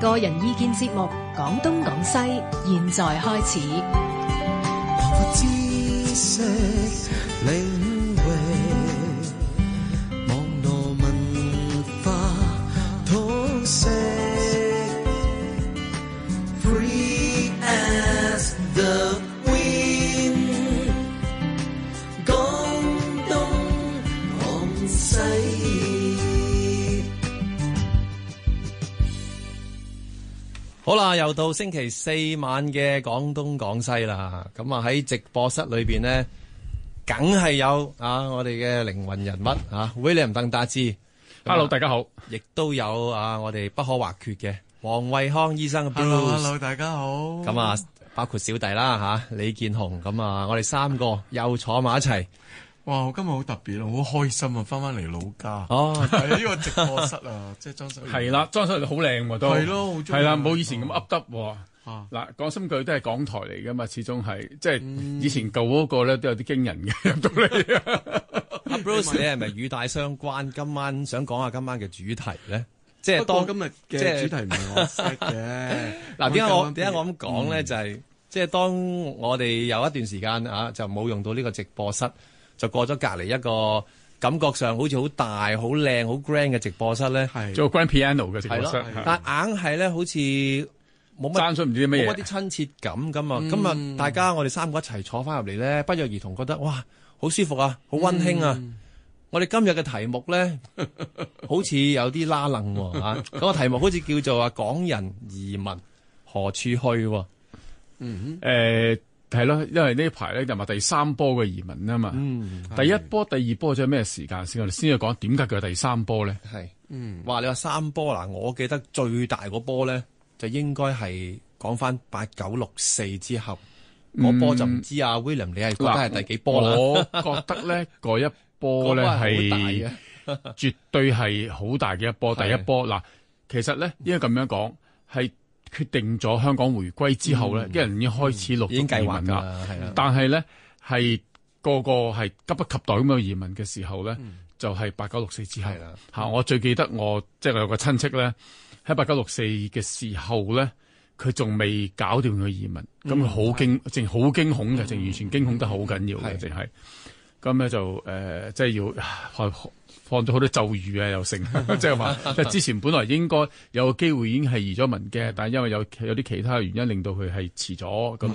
個人意見節目《講東講西》，現在開始。好啦，又到星期四晚嘅廣東廣西啦。咁啊喺直播室裏邊呢，梗係有啊我哋嘅靈魂人物啊 William 鄧達智，Hello、啊、大家好。亦都有啊我哋不可或缺嘅黃惠康醫生，Hello Hello、啊、大家好。咁啊包括小弟啦吓、啊、李健雄，咁啊我哋三個又坐埋一齊。哇！我今日好特別，啊，好開心啊！翻翻嚟老家哦，喺、哎、呢、這個直播室啊，即係裝修。係啦，裝修好靚喎、啊、都。係咯，好中意。係啦，冇以前咁噏得。嗱，講心句都係港台嚟噶嘛，始終係即係以前舊嗰個咧都有啲驚人嘅。到你啊，阿 Bruce，你係咪語帶相關？今晚 想講下今晚嘅主題咧，即係當今日嘅主題唔、就、係、是、 我 set 嘅。嗱、啊，點解我點解我咁講咧？就係、是、即係當我哋有一段時間啊，就冇用到呢個直播室。就過咗隔離一個感覺上好似好大、好靚、好 grand 嘅直播室咧、啊，做 grand piano 嘅直播室，啊啊、但硬係咧好似冇乜山唔知咩嘢冇啲親切感咁啊！嗯、今日大家我哋三個一齊坐翻入嚟咧，不約而同覺得哇，好舒服啊，好溫馨啊！嗯、我哋今日嘅題目咧，好似有啲拉楞喎，嗰咁個題目好似叫做港人移民何處去喎，嗯、欸係咯，因為呢排咧就話第三波嘅移民啊嘛。嗯，第一波、第二波咗咩時間先，我哋先要講點解佢係第三波咧？係，嗯，話你話三波嗱，我記得最大嗰波咧就應該係講翻八九六四之後，嗰波就唔知啊。嗯、William 你係覺得係第幾波啦我，我覺得咧，嗰一波咧係 絕對係好大嘅一波。第一波嗱，其實咧應該咁樣講係。決定咗香港回歸之後咧，啲、嗯、人已經開始陸續移民啦。係啦，但係咧係個個係急不及待咁樣移民嘅時候咧、嗯，就係八九六四之後啦。吓，我最記得我即係我有個親戚咧，喺八九六四嘅時候咧，佢仲未搞掂佢移民，咁、嗯、佢好驚，淨好驚恐嘅，淨完全驚恐得好緊要嘅，淨係咁咧就誒、呃，即係要開。放咗好多咒語啊！又成，即係話，即係之前本來應該有機會已經係移咗民嘅，但係因為有有啲其他嘅原因，令到佢係遲咗咁咁，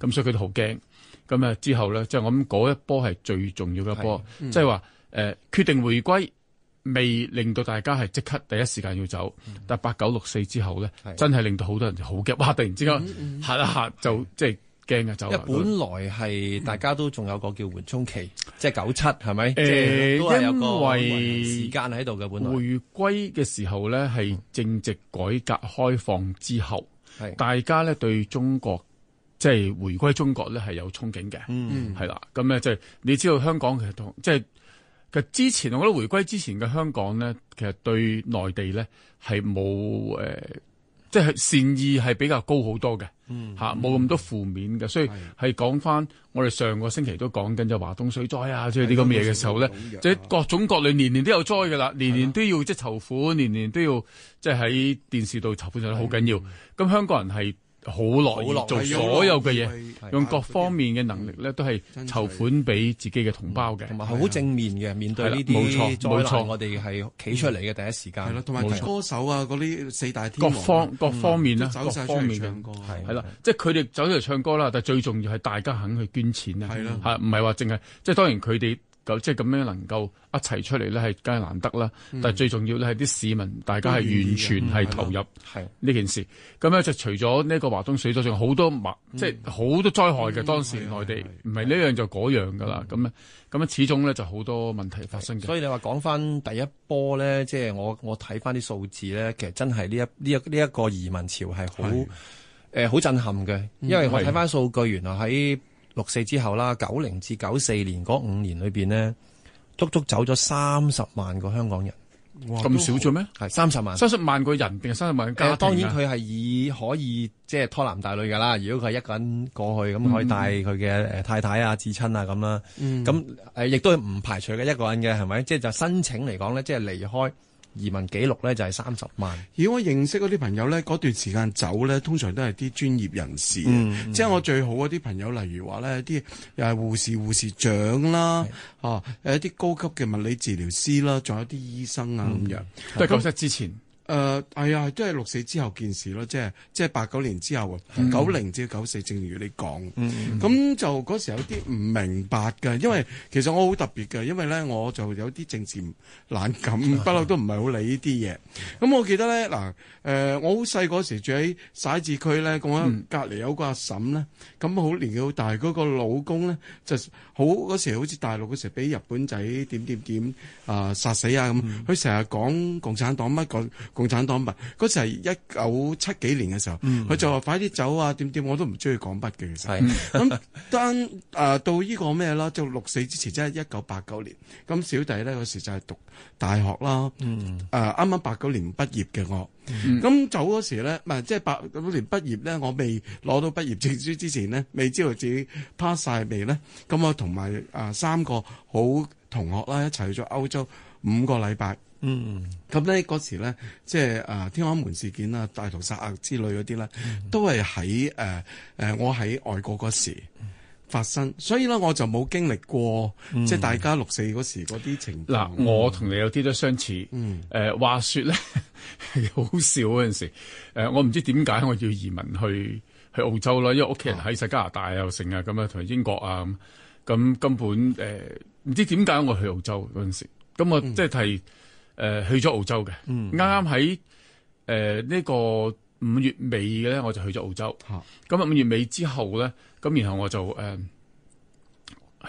嗯、所以佢都好驚咁啊。之後咧，即係我諗嗰一波係最重要嘅一波，即係話誒決定回歸未，令到大家係即刻第一時間要走，嗯、但係八九六四之後咧，真係令到好多人好驚哇！突然之間吓一吓就即係。嗯嗯驚啊、嗯呃！走，因為本來係大家都仲有個叫緩衝期，即係九七，係咪？誒，因為時間喺度嘅，本來回歸嘅時候咧，係正值改革開放之後，係、嗯、大家咧對中國即係、就是、回歸中國咧係有憧憬嘅，嗯，係啦。咁咧就係你知道香港其實同即係其實之前，我覺得回歸之前嘅香港咧，其實對內地咧係冇誒。呃即係善意係比較高好多嘅，嚇冇咁多負面嘅、嗯，所以係講翻我哋上個星期都講緊就華東水災啊，即係呢個嘢嘅時候咧，即係各種各類年年都有災㗎啦，年年都要即係籌款，年年都要即係喺電視度籌款，就好緊要。咁香港人係，好樂意，樂意做所有嘅嘢，用各方面嘅能力咧，都係籌款俾自己嘅同胞嘅，同埋係好正面嘅、啊、面對呢啲。冇錯，冇錯，我哋係企出嚟嘅第一時間。同埋、啊、歌手啊，嗰、嗯、啲四大天王、啊啊、各方各方面咧，各方面、啊、唱歌啦，即係佢哋走咗嚟唱歌啦。但係最重要係大家肯去捐錢啊，係唔係話淨係即係當然佢哋。即係咁樣能夠一齊出嚟呢，係梗係難得啦、嗯。但係最重要呢，係啲市民，大家係完全係投入係呢件事。咁、嗯、咧就除咗呢個華東水災，仲好多、嗯、即係好多災害嘅當時內地，唔係呢樣就嗰樣㗎啦。咁咧，咁樣始終呢，就好多問題發生嘅。所以你話講翻第一波呢，即係我我睇翻啲數字呢，其實真係呢一呢一呢一個移民潮係好誒好震撼嘅，因為我睇翻數據，原來喺，六四之後啦，九零至九四年嗰五年裏面呢，足足走咗三十萬個香港人。哇！咁少咗咩？三十萬，三十萬個人定係三十萬人家、欸？當然佢係以可以即係、就係、拖男帶女㗎啦。如果佢係一個人過去，咁、嗯、可以帶佢嘅、呃、太太啊、至親啊咁啦。咁亦、嗯呃、都係唔排除嘅一個人嘅，係咪？即係就係、申請嚟講咧，即、就、係、是、離開。移民記錄咧就係三十萬。而我認識嗰啲朋友咧，嗰段時間走咧，通常都係啲專業人士。嗯嗯、即係我最好嗰啲朋友，例如話咧，有啲又係護士、護士長啦，嚇、啊，有一啲高級嘅物理治療師啦，仲有啲醫生啊咁、嗯、樣。都係九十之前。誒、呃，係、哎、啊，都係六四之後件事咯，即係即係八九年之後，九、嗯、零至九四，正如你講，咁、嗯嗯嗯、就嗰時有啲唔明白㗎，因為其實我好特別㗎。因為咧我就有啲政治懶感，嗯、不嬲都唔係好理呢啲嘢。咁、嗯、我記得咧，嗱，誒，我好細嗰時住喺徙置區咧，咁樣隔籬有個阿嬸咧，咁好年紀好大，嗰、那個老公咧就。好嗰時好似大陸嗰時俾日本仔點點點啊、呃、殺死啊咁，佢成日講共產黨乜講共產黨物，嗰時係一九七幾年嘅時候，佢、嗯、就話快啲走啊點點，我都唔中意講北嘅其實，咁當啊到呢個咩啦，就六四之前即係一九八九年，咁小弟咧嗰時就係讀大學啦，誒啱啱八九年畢業嘅我。咁、嗯、早嗰時咧，唔係即係八九年畢業咧，我未攞到畢業證書之前咧，未知道自己 pass 晒未咧。咁我同埋啊三個好同學啦，一齊去咗歐洲五個禮拜。嗯，咁咧嗰時咧，即係啊天安門事件啊、大屠殺啊之類嗰啲咧，都係喺誒誒，我喺外國嗰時。發生，所以咧我就冇經歷過，嗯、即係大家六四嗰時嗰啲情。嗱，我同你有啲都相似。嗯，誒、呃，話說咧， 好笑嗰陣時，誒、呃，我唔知點解我要移民去去澳洲啦，因為屋企人喺晒加拿大又成啊，咁啊，同英國啊，咁根本誒，呃、唔知點解我去澳洲嗰陣時，咁我即係誒去咗澳洲嘅。啱啱喺誒呢個五月尾嘅咧，我就去咗澳洲。咁、啊、五月尾之後咧。咁然後我就誒、嗯、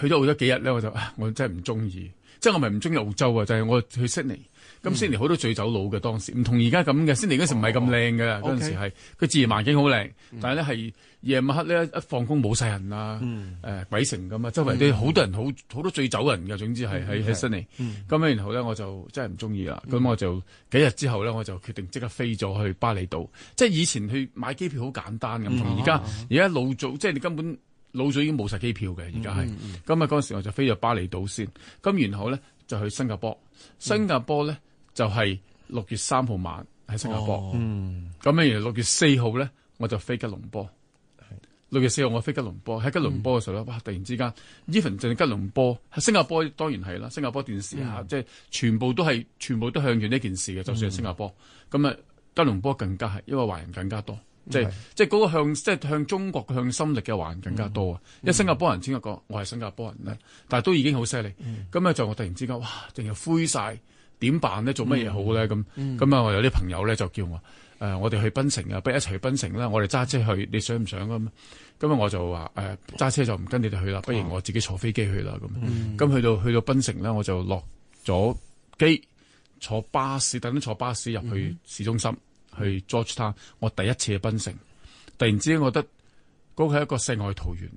去咗澳洲幾日咧，我就啊，我真係唔中意，即係我唔係唔中意澳洲啊，就係我去悉尼。咁悉尼好多醉酒佬嘅當時，唔同而家咁嘅。悉尼嗰時唔係咁靚嘅，嗰陣時係佢自然環境好靚，嗯，但係咧係夜晚黑咧一,一,一放工冇晒人啦，啊，誒、嗯呃、鬼城咁啊，周圍都、嗯、好多人好好多醉酒嘅人嘅。總之係喺喺悉尼。咁、嗯、啊、嗯，然後咧我就真係唔中意啦。咁、嗯、我就幾日之後咧，我就決定即刻飛咗去巴厘島。嗯、即係以前去買機票好簡單咁，同而家而家老早即係你根本老早已經冇晒機票嘅。而家係咁啊，嗰陣、嗯、時我就飛咗巴厘島先。咁然後咧就去新加坡。嗯、新加坡咧。就係、是、六月三號晚喺新加坡，咁譬如六月四號咧，我就飛吉隆坡。六月四號我飛吉隆坡，喺吉隆坡嘅時候咧、嗯，哇！突然之間，even 就係吉隆坡、新加坡當然係啦，新加坡電視下，即、嗯、係、就是、全部都係，全部都向住呢件事嘅，就算係新加坡，咁、嗯、啊吉隆坡更加係，因為華人更加多，即係即係嗰個向即係、就是、向中國向心力嘅華人更加多啊、嗯！因為新加坡人淨係講我係新加坡人咧，但係都已經好犀利。咁、嗯、咧、嗯、就我突然之間，哇！突然灰晒。點辦咧？做乜嘢好咧？咁咁啊！我、嗯嗯嗯、有啲朋友咧就叫我誒、呃，我哋去檳城啊，不如一齊去檳城啦。我哋揸車去，你想唔想咁？咁、嗯、啊，我就話誒，揸、呃、車就唔跟你哋去啦，不如我自己坐飛機去啦。咁、嗯、咁、嗯嗯嗯、去到去到檳城咧，我就落咗機，坐巴士，等緊坐巴士入去市中心、嗯、去 George Town，我第一次去檳城，突然之間我覺得嗰個係一個世外桃源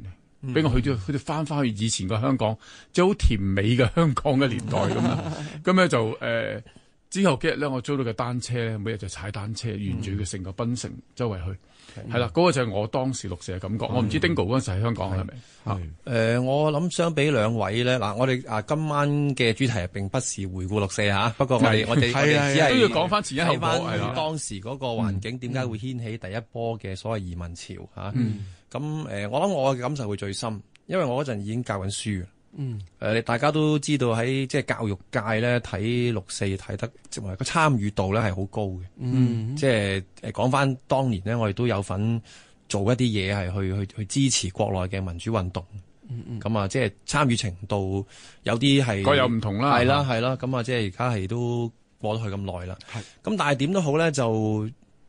俾我去咗，佢哋翻翻去以前嘅香港，即好甜美嘅香港嘅年代咁啦。咁咧 就誒、呃，之後幾日咧，我租到嘅單車，每日就踩單車沿住嘅成個檳城周圍去，係 啦。嗰、那個就係我當時六四嘅感覺。嗯、我唔知丁 i 嗰陣時喺香港係咪？誒、呃，我諗相比兩位咧，嗱，我哋啊今晚嘅主題並不是回顧六四，不過我哋我哋我哋都要講翻前一係翻當時嗰個環境，點、嗯、解會掀起第一波嘅所謂移民潮吓。嗯嗯咁誒、呃，我諗我嘅感受會最深，因為我嗰陣已經教緊書，嗯、呃。大家都知道喺即係教育界咧睇六四睇得，即係個參與度咧係好高嘅。嗯。即係誒講翻當年咧，我哋都有份做一啲嘢係去去去支持國內嘅民主運動。嗯咁啊，即係參與程度有啲係各有唔同啦。係啦，係啦。咁啊，即係而家係都過咗去咁耐啦。係。咁但係點都好咧，就。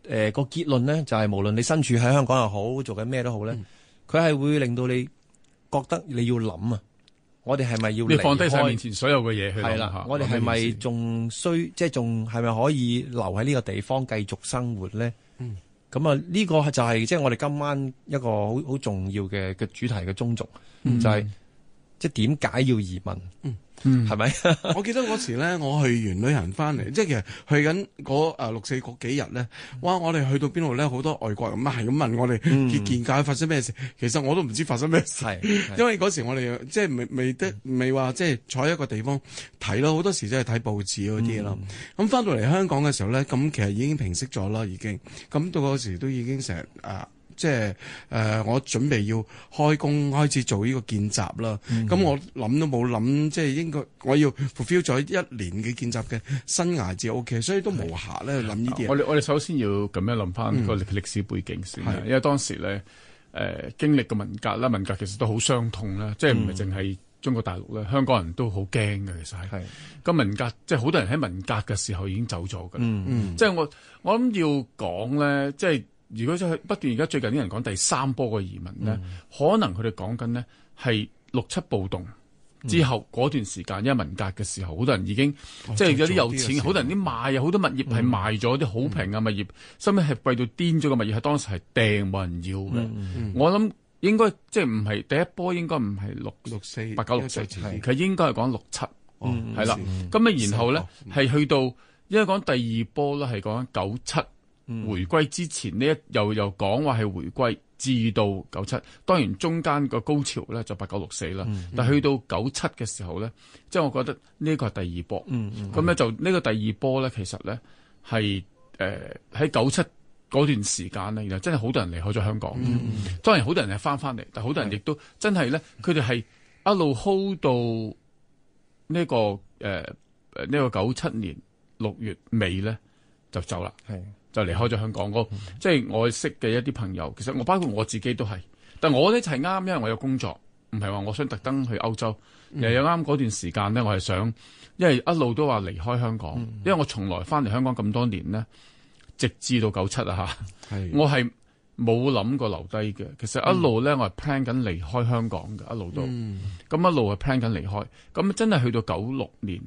誒個結論咧、就係，就係無論你身處喺香港又好，做緊咩都好咧，佢、嗯、係會令到你覺得你要諗啊。我哋係咪要你放低晒面前所有嘅嘢去諗？嚇，我哋係咪仲需即係仲係咪可以留喺呢個地方繼續生活咧？咁、嗯、啊，呢個就係即係我哋今晚一個好好重要嘅嘅主題嘅中軸，嗯、就係即點解要移民？嗯嗯，係咪？ 我記得嗰時咧，我去完旅行翻嚟，即係其實去緊嗰誒六四嗰幾日咧，哇！我哋去到邊度咧，好多外國人係咁問我哋、嗯、見見解發生咩事。其實我都唔知發生咩事，因為嗰時我哋即係未未得未話即係坐一個地方睇咯，好多時真係睇報紙嗰啲咯。咁、嗯、翻到嚟香港嘅時候咧，咁其實已經平息咗啦，已經咁到嗰時都已經成啊即係誒、呃，我準備要開工開始做呢個見習啦。咁、嗯、我諗都冇諗，即係應該我要 fulfil 咗一年嘅見習嘅生涯至 O K，所以都無暇咧諗呢啲嘢。我哋我哋首先要咁樣諗翻個歷史背景先，嗯、因為當時咧誒、呃、經歷嘅文革啦，文革其實都好傷痛啦、嗯，即係唔係淨係中國大陸咧，香港人都好驚嘅其實係。咁文革即係好多人喺文革嘅時候已經走咗㗎啦，嗯，即係我我諗要講咧，即係。如果即係不斷，而家最近啲人講第三波嘅移民咧、嗯，可能佢哋講緊呢係六七暴動、嗯、之後嗰段時間，因為文革嘅時候，好多人已經、哦、即係有啲有錢，好多人啲賣啊，好多物業係賣咗啲好平嘅物業，甚至係貴到癲咗嘅物業，喺當時係掟冇人要嘅、嗯嗯。我諗應該即係唔係第一波，應該唔係六六四八九六四，佢應該係、就、講、是、六七，係、哦、啦。咁啊、嗯嗯嗯嗯，然後咧係去到，因為講第二波咧係講九七。回歸之前呢，又又講話係回歸，至到九七，當然中間個高潮咧就八九六四啦、嗯嗯。但去到九七嘅時候咧，即、嗯、係、就是、我覺得呢個係第二波咁咧，嗯嗯、就呢個第二波咧，其實咧係喺九七嗰段時間咧，原真係好多人離開咗香港。嗯嗯、當然好多人係翻翻嚟，但好多人亦都真係咧，佢哋係一路 hold 到呢、這個呢、呃這個九七年六月尾咧就走啦。就離開咗香港，嗯就是、我即係我識嘅一啲朋友，其實我包括我自己都係，但我呢一齊啱，因為我有工作，唔係話我想特登去歐洲。嗯、又有啱嗰段時間咧，我係想，因為一路都話離開香港、嗯，因為我從來翻嚟香港咁多年咧，直至到九七啊嚇，我係冇諗過留低嘅。其實一路咧、嗯，我係 plan 緊離開香港嘅，一路都咁、嗯、一路係 plan 緊離開，咁真係去到九六年。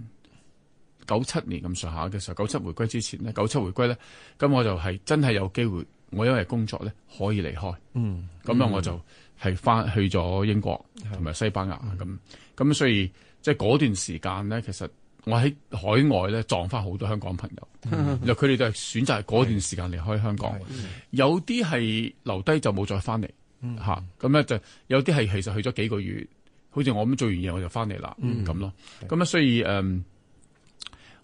九七年咁上下嘅時候，九七回歸之前咧，九七回歸咧，咁我就係真係有機會，我因為工作咧可以離開，嗯，咁樣我就係翻去咗英國同埋西班牙咁，咁所以即係嗰段時間咧，其實我喺海外咧撞翻好多香港朋友，就佢哋就係選擇嗰段時間離開香港，嗯、有啲係留低就冇再翻嚟，嚇、嗯，咁咧就有啲係其實去咗幾個月，好似我咁做完嘢我就翻嚟啦，咁、嗯、咯，咁所以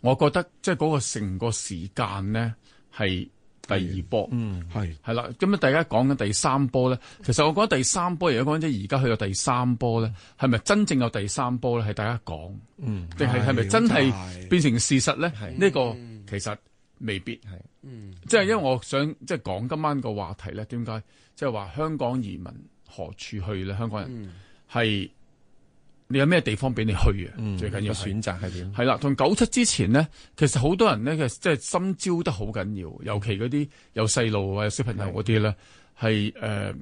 我覺得即係嗰個成個時間咧係第二波。嗯係係啦，咁、嗯、樣大家講緊第三波咧，其實我覺得第三波而家講即係而家去到第三波咧，係咪真正有第三波咧？係大家講，嗯，定係係咪真係變成事實咧？呢、嗯呢個其實未必係，嗯，即、就、係、是、因為我想即係講今晚個話題咧，點解即係話香港移民何處去咧？香港人係。你有咩地方俾你去啊、嗯？最緊要個選擇係點？係啦，同九七之前呢，其實好多人呢，其實即係心焦得好緊要，尤其嗰啲、嗯、有細路啊、有小朋友嗰啲咧，係誒、呃，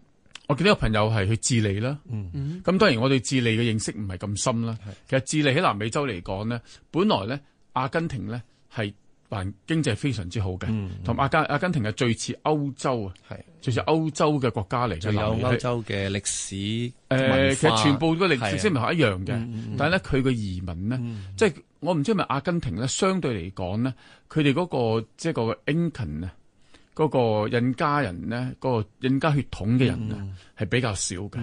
我見到有朋友係去智利啦。嗯咁當然我對智利嘅認識唔係咁深啦。其實智利喺南美洲嚟講呢，本來咧，阿根廷呢係。環經濟係非常之好嘅，同阿加阿根廷係最似歐洲啊、嗯，最似歐洲嘅國家嚟嘅，有歐洲嘅歷史，誒、呃，其實全部嘅歷史先唔係一樣嘅、嗯嗯嗯，但係咧佢嘅移民呢，嗯、即係我唔知係咪阿根廷咧，相對嚟講呢，佢哋嗰個即係個 Incan 啊，嗰、那個印加人呢，嗰、那個印加血統嘅人啊，係、嗯、比較少嘅，咁、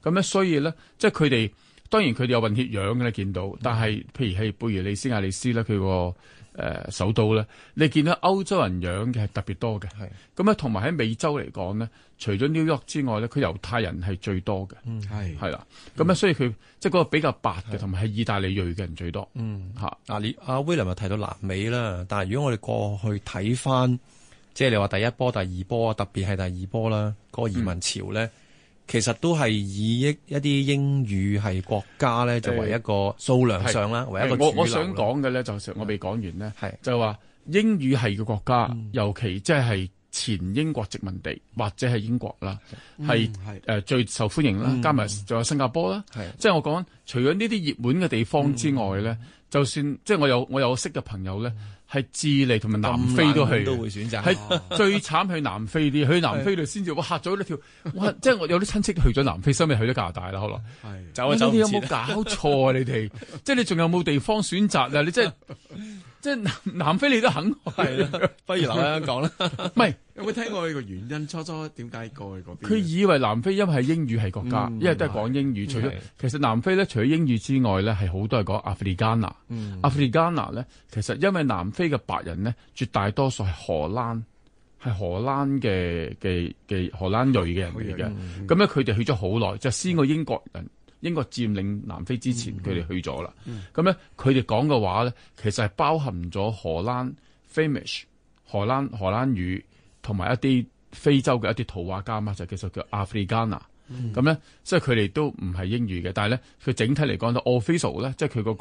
嗯、咧所以咧，即係佢哋當然佢哋有混血樣嘅咧，見到，但係譬如係貝爾利斯亞利斯咧，佢、那個。誒、呃、首都咧，你見到歐洲人養嘅係特別多嘅，咁咧，同埋喺美洲嚟講咧，除咗 New York 之外咧，佢猶太人係最多嘅，嗯係係啦，咁咧所以佢、嗯、即係嗰個比較白嘅，同埋係意大利裔嘅人最多，嗯吓嗱你阿威廉話提到南美啦，但係如果我哋過去睇翻，即係你話第一波、第二波啊，特別係第二波啦，嗰個移民潮咧。嗯其實都係以一一啲英語系國家咧，作為一個數量上啦、欸，為一個主流。我我想講嘅咧，就我未講完咧，係就話英語系嘅國家，嗯、尤其即係前英國殖民地或者係英國啦，係、嗯、誒、呃、最受歡迎啦，加埋仲有新加坡啦，即、嗯、係、就是、我講除咗呢啲熱門嘅地方之外咧、嗯，就算即係、就是、我有我有識嘅朋友咧。嗯係智利同埋南非都去，係最慘。 去南非啲，去南非度先至我吓咗一跳，哇！即係我有啲親戚去咗南非，收尾去咗加拿大啦，可能。係。你哋有冇搞錯啊？你哋、啊， 即係你仲有冇地方選擇啊？你 即係，即係南非你都肯去，不如留喺香港啦。 唔係。 有冇聽過呢個原因？初初點解過去嗰邊？佢以為南非因為係英語係國家，嗯，因為都係講英語。嗯、除咗、嗯、其實南非咧，除咗英語之外咧，係好多係講 Africana、嗯。Africana 咧，其實因為南非嘅白人咧，絕大多數係荷蘭係荷蘭嘅嘅嘅荷蘭裔嘅人嚟嘅。咁、嗯、咧，佢、嗯、哋去咗好耐，就先過英國人、嗯、英國佔領南非之前，佢、嗯、哋去咗啦。咁、嗯、咧，佢哋講嘅話咧，其實係包含咗荷蘭 Flemish 荷蘭荷蘭語。同埋一啲非洲嘅一啲圖畫家嘛，就叫做叫 Afrikaner、嗯。咁咧，即係佢哋都唔係英語嘅，但係咧，佢整體嚟講都 official 咧，即係佢嗰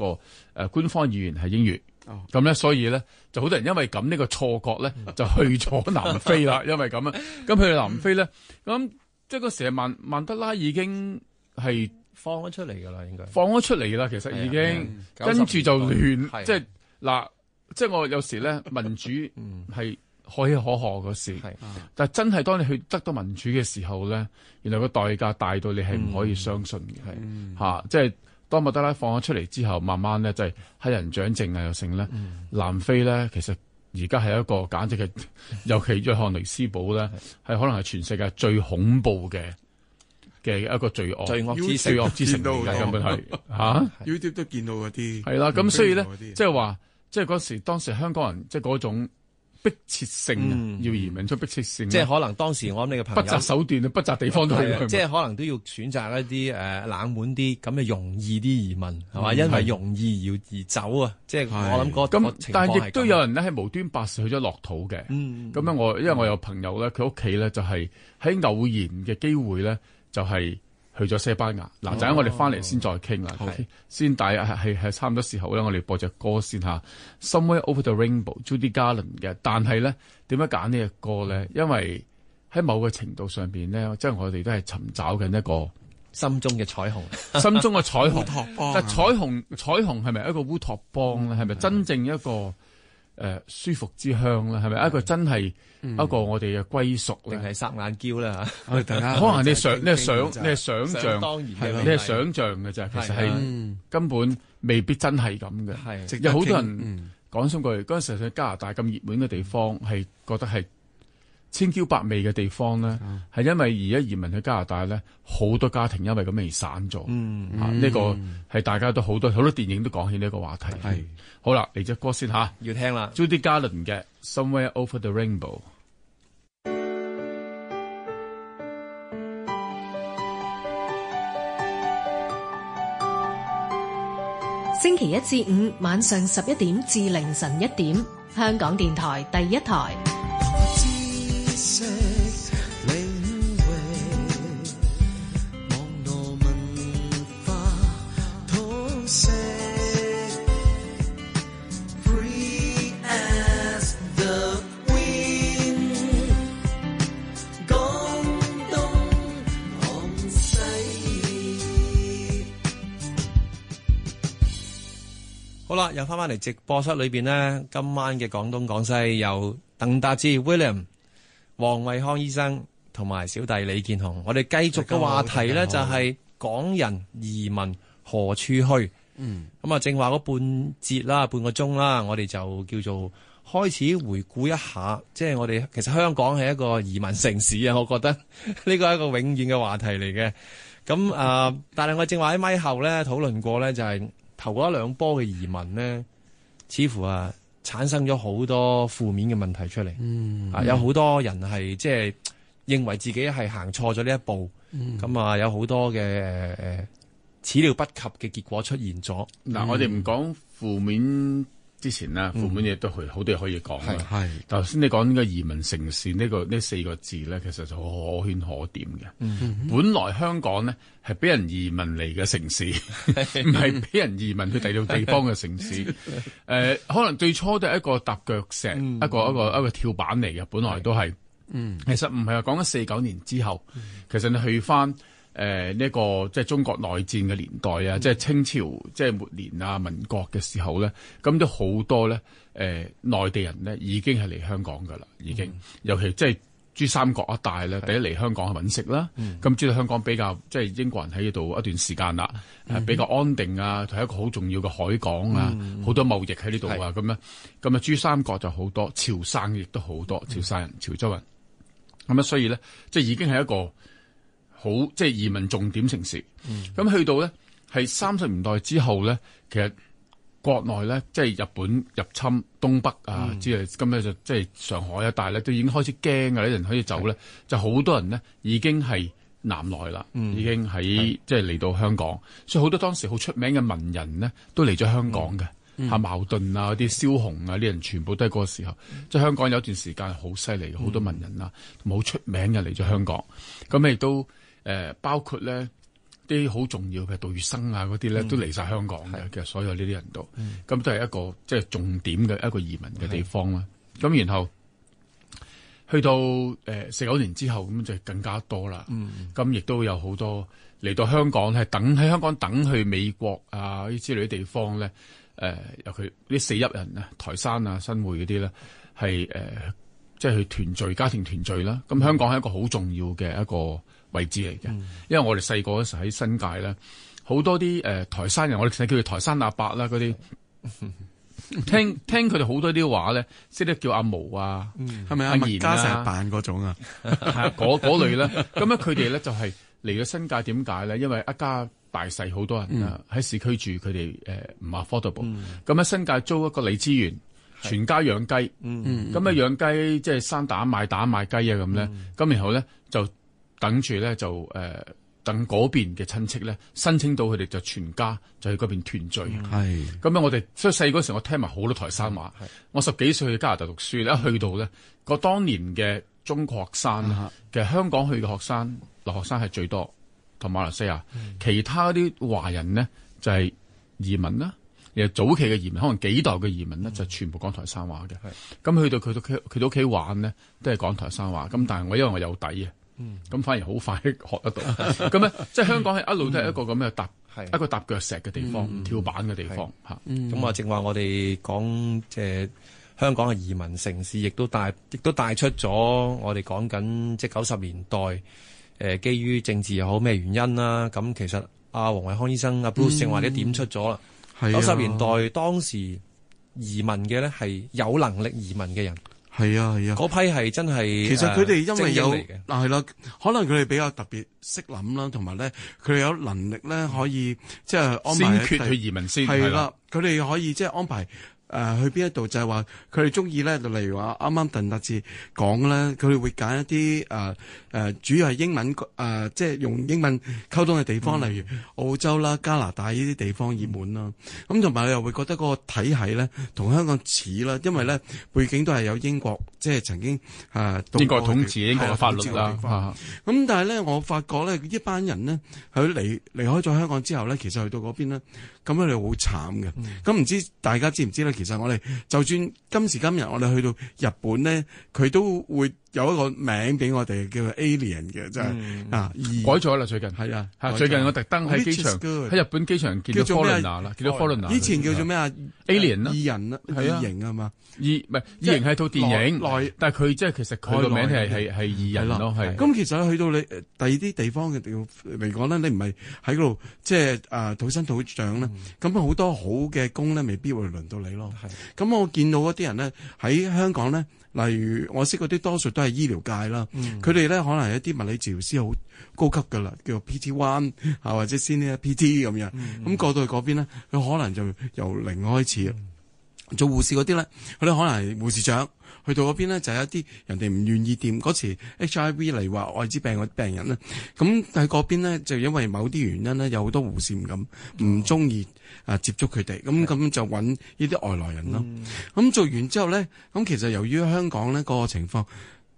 個官方語言係英語。咁、哦、咧，所以咧，就好多人因為咁呢、呢個錯覺咧，就去咗南非啦、嗯。因為咁啊，咁、嗯、 去到南非咧，咁即係嗰時啊，曼曼德拉已經係放咗出嚟㗎啦，應該放咗出嚟㗎啦。其實已經、哎哎、跟住就亂，即係嗱，即係我有時咧，民主、嗯可喜可賀嘅事、啊，但真係當你去得到民主嘅時候咧，原來個代價大到你係唔可以相信嘅，係、嗯、吓、嗯啊，即係當曼德拉放咗出嚟之後，慢慢咧就係、是、黑人掌政啊又成。咧、嗯，南非咧其實而家係一個簡直嘅， 尤其約翰尼斯堡咧係可能係全世界最恐怖嘅嘅一個罪惡，罪惡之惡之城嚟嘅根本係，吓，YouTube 都見到嗰啲，係、啊、啦，咁所以咧、就是，即係話，即係嗰時當時香港人即係嗰種。迫切性、嗯、要移民出迫切性。即係可能當時我諗你嘅朋友，不擇手段啊，不擇地方都去。即係可能都要選擇一啲誒、呃、冷門啲，咁啊容易啲移民係嘛、嗯，因為容易要移走啊。即係我諗嗰、那個情況係咁。但係亦都有人咧係無端白事去咗樂土嘅。嗯，咁樣，我因為我有朋友咧，佢屋企咧，就係、是、喺偶然嘅機會咧，就係、是。去咗西班牙，嗱陣間我哋翻嚟先再傾啦，先大係係係差唔多時候咧，我哋播隻歌先吓 Somewhere Over the Rainbow，Judy Garland 嘅。但係咧，點樣揀呢隻歌咧？因為喺某個程度上面咧，即係我哋都係尋找緊一個心中嘅彩虹，心中嘅彩虹。 烏托邦。彩虹，彩虹係咪一個烏托邦咧？係咪真正一個？誒舒服之鄉啦，係咪一個真係一個我哋嘅歸屬，定係撒眼嬌啦嚇？可能你想，你係想，你係想像，你係想像嘅啫。其實係根本未必真係咁嘅。有好多人講真句，嗰、嗯、陣時去加拿大咁熱門嘅地方，係覺得係。千嬌百媚嘅地方呢，係因為而家移民去加拿大咧，好多家庭因為咁而散咗。嗯、呢、嗯啊呢個係大家都好多好多電影都講起呢個話題。係、嗯、好啦，嚟隻歌先吓，要聽啦，Judy Garland 嘅 Somewhere Over the Rainbow。星期一至五晚上十一點至凌晨一點，香港電台第一台。又翻翻嚟直播室裏邊呢，今晚嘅廣東廣西有鄧達智 William、黃惠康醫生同埋小弟李健雄，我哋繼續嘅話題呢，就係港人移民何處去。嗯，咁啊，正話嗰半節啦，半個鐘啦，我哋就叫做開始回顧一下，即係我哋其實香港係一個移民城市啊，我覺得呢個係一個永遠嘅話題嚟嘅。咁、嗯、啊， 但係我正話喺咪後咧討論過咧、就係，就係。頭一兩波嘅移民咧，似乎啊產生咗好多負面嘅問題出嚟、嗯，啊有好多人係即係認為自己係行錯咗呢一步，咁、嗯、啊有好多嘅誒誒始料不及嘅結果出現咗。嗱、啊，我哋唔講負面。嗯之前咧，父母嘢都去好多嘢可以講。啦、嗯。係，頭先你講呢個移民城市呢，個呢四個字咧，其實就可圈可點嘅，嗯。本來香港咧係俾人移民嚟嘅城市，唔係俾人移民去第二地方嘅城市。誒、嗯，呃，可能最初都係一個踏腳石，嗯，一個一個一個跳板嚟嘅。本來都係。嗯，其實唔係啊。講緊四九年之後，嗯，其實你去翻。誒、呃、呢、這個即係中國內戰嘅年代啊、嗯，即係清朝即係末年啊，民國嘅時候咧，咁都好多咧誒內地人咧已經係嚟香港㗎啦，已經，是香港的了已經、嗯、尤其即係珠三角一帶咧，第一嚟香港去揾食啦，咁知道香港比較即係英國人喺呢度一段時間啦、嗯啊，比較安定啊，同一個好重要嘅海港啊，好、嗯、多貿易喺呢度啊，咁樣咁啊珠三角就好多潮汕亦都好多潮汕人潮州人，咁啊所以咧即係已經係一個。好即係移民重點城市，咁、嗯、去到呢，係三十年代之後呢，其實國內呢，即係日本入侵東北啊之類，咁咧就即係上海一帶呢，但係咧都已經開始驚啊。啲人開始走呢，就好多人呢，已經係南來啦、嗯，已經喺即係嚟到香港，所以好多當時好出名嘅文人呢，都嚟咗香港嘅，嗯、茅盾啊啲蕭紅啊啲人全部都係嗰個時候，即、係、香港有段時間好犀利，好、嗯、多文人啊，好出名嘅嚟咗香港，咁亦都。誒、呃、包括咧啲好重要嘅杜月笙啊嗰啲咧都嚟晒香港嘅，其實所有呢啲人都咁、嗯、都係一個即係、就是、重點嘅一個移民嘅地方啦。咁然後去到誒四九年之後咁就更加多啦。咁、嗯、亦都有好多嚟到香港係等喺香港等去美國啊呢之類嘅地方咧。誒尤其呢四邑人啊、台山啊、新會嗰啲咧係誒。即係去團聚，家庭團聚啦。咁香港係一個好重要嘅一個位置嚟嘅，因為我哋細個嗰時喺新界咧，好多啲、呃、台山人，我哋成日叫佢台山阿伯啦嗰啲，聽聽佢哋好多啲話咧，識得叫阿毛啊，係咪阿麥啊，成阿伯嗰種啊，嗰 嗰、啊、類咧。咁樣佢哋咧就係嚟咗新界，點解咧？因為一家大細好多人啊，喺、嗯、市區住，佢哋唔 affordable。咁、嗯、喺新界租一個李資源。全家養雞，咁、嗯、啊、嗯嗯、養雞即係生蛋，賣蛋，賣雞啊咁咧，咁然後咧就等住咧就誒、呃、等嗰邊嘅親戚咧申請到，佢哋就全家就去嗰邊團聚。係、嗯、咁、嗯、我哋所以細嗰時候我聽埋好多台山話、嗯。我十幾歲去加拿大讀書咧、嗯，一去到咧個當年嘅中學生、啊，其實香港去嘅學生留學生係最多，同馬來西亞、嗯、其他啲華人咧就係、是、移民啦。早期嘅移民可能幾代嘅移民呢，就是、全部講台山話嘅。咁去到佢屋企，屋企玩呢，都係講台山話。咁但係我因為我有底咁、嗯、反而好快學得到。咁 即係香港係一路都係一個咁嘅踏，一個踏腳石嘅地方，跳板嘅地方咁啊，正話、嗯嗯、我哋講即係香港嘅移民城市，亦都帶，亦都帶出咗我哋講緊即係九十年代基於政治又好咩原因啦。咁其實阿黃惠康醫生、阿 Bruce 正話啲點出咗啦。九十年代、啊、當時移民嘅咧係有能力移民嘅人，係啊係啊，嗰、啊、批係真係其實佢哋因為有嗱係啦，可能佢哋比較特別識諗啦，同埋咧佢哋有能力咧可、嗯、可以即係安排先決去移民先係啦，佢哋可以即係安排。誒，去邊一度就係話佢哋中意咧，就是，例如話啱啱鄧達智講咧，佢哋會揀一啲誒誒，主要係英文誒，即、呃、係、就是、用英文溝通嘅地方，嗯，例如澳洲啦、加拿大呢啲地方熱門啦，咁同埋你又會覺得個體系咧，同香港似啦，因為咧背景都係有英國，即係曾經誒、呃，英國統治，英國嘅法律啦、啊。咁但係咧，我發覺咧，一班人咧，佢離離開咗香港之後咧，其實去到嗰邊咧，咁樣你好慘嘅。咁、嗯、唔知大家知唔知咧？其實我哋就算今時今日，我哋去到日本咧，佢都會，有一個名俾我哋叫做 alien 嘅，真、就、係、是嗯、啊改咗啦最近，係啊，最近我特登喺機場喺、oh, 日本機場見到科倫娜啦，見到以前叫做咩啊 alien 啊異人啦異形啊嘛，異唔係異形係套電影，但係佢即係其實佢個名係係係異人，係咯、啊，係、啊。咁、啊啊嗯、其實去到你第二啲地方嘅嚟講呢你唔係喺度即係啊土生土長咧，咁好多好嘅工咧，未必會輪到你咯。咁我見到嗰啲人咧喺香港咧。例如我識啲多數都係醫療界啦，佢哋咧可能係一啲物理治療師好高級㗎啦，叫做 PT One 啊或者 Senior PT 咁樣，咁、嗯、過到去嗰邊咧，佢可能就由零開始。嗯、做護士嗰啲咧，佢哋可能係護士長。去到嗰邊呢，就有一啲人哋唔願意掂嗰時 HIV 嚟話愛滋病嗰啲病人呢，咁喺嗰邊呢，就因為某啲原因呢，有好多護士唔敢唔中意啊，接觸佢哋，咁、哦、咁就揾呢啲外來人咯。咁做完之後呢，咁其實由於香港呢、嗰個情況。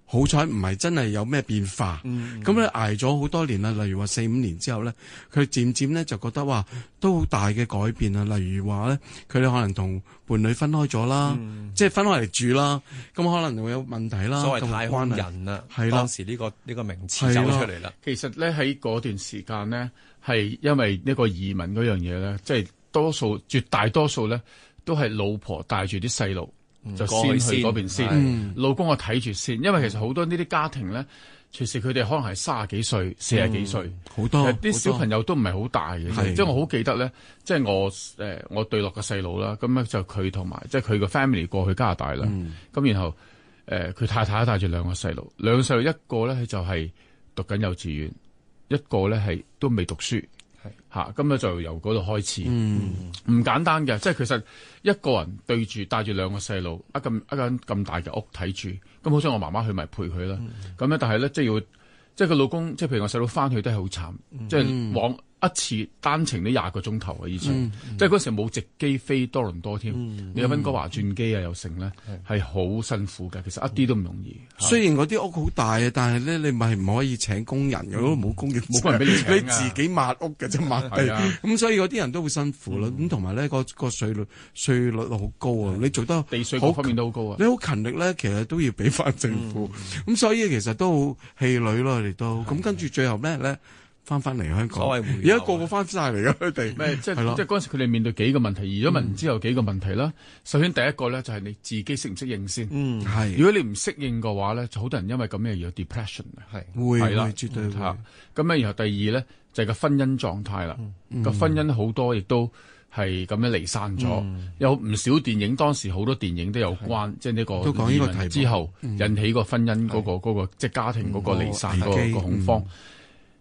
好彩唔係真係有咩變化，咁咧捱咗好多年啦。例如話四五年之後咧，佢漸漸咧就覺得話都好大嘅改變啊。例如話咧，佢哋可能同伴侶分開咗啦、嗯，即係分開嚟住啦，咁可能會有問題啦。所謂太空人啊，啊，當時呢、呢個呢、呢個名詞、啊、走出嚟啦。其實咧喺嗰段時間咧，係因為呢個移民嗰樣嘢咧，即、就、係、係、多數絕大多數咧都係老婆帶住啲細路。先就先去嗰邊先，老公我睇住先。因為其實好多呢啲家庭咧，隨時佢哋可能係卅幾歲、四十幾歲，好、嗯、多啲小朋友都唔係好大嘅。即係我好記得咧，即、就、係、是、我誒，我對落個細佬啦，咁咧就佢同埋即係佢個 family 過去加拿大啦。咁、嗯、然後誒，佢、呃、太太帶住兩個細路，兩個細路一個咧就係讀緊幼稚園，一個咧係都未讀書。啊、嗯，咁咧就由嗰度開始，唔簡單嘅，即係其實一個人對住帶住兩個細路，一間一間咁大嘅屋睇住，咁好想我媽媽去咪陪佢啦。咁、嗯、咧，但係咧即係要，即係佢老公，即係譬如我細佬翻去都係好慘，嗯、即係往。一次單程都廿個鐘頭啊。以前、嗯，即係嗰時冇直機飛多倫多添，你、嗯、有溫哥華轉機啊又剩咧，係、嗯、好辛苦㗎。其實一啲都唔容易。嗯、雖然嗰啲屋好大啊，但係咧你咪唔可以請工人、嗯、如果冇工、嗯、工人冇人俾你，你自己抹屋嘅啫抹地。咁、啊嗯、所以嗰啲人都好辛苦啦。咁同埋咧個個稅率稅率好高啊！你做得地稅各方面都好高啊、嗯！你好勤力咧，其實都要俾翻政府。咁、嗯嗯、所以其實都好氣餒咯，你都。咁跟住最後咩咧？翻翻嚟香港，而家個個翻晒嚟㗎，佢哋，咩即係即係嗰陣時佢哋面對幾個問題，移咗民之後幾個問題啦、嗯。首先第一個咧就係、是、你自己適唔適應先，嗯，係。如果你唔適應嘅話咧，就好多人因為咁樣而有 depression，係會係啦，絕對嚇。咁咧、嗯，然後第二咧就係、是、個婚姻狀態啦。個、嗯、婚姻好多亦都係咁樣離散咗、嗯，有唔少電影當時好多電影都有關，即係呢個，個，那個，都講呢個題目之後引起個婚姻嗰個嗰即家庭嗰個離散嗰、哦那個那個那個恐慌。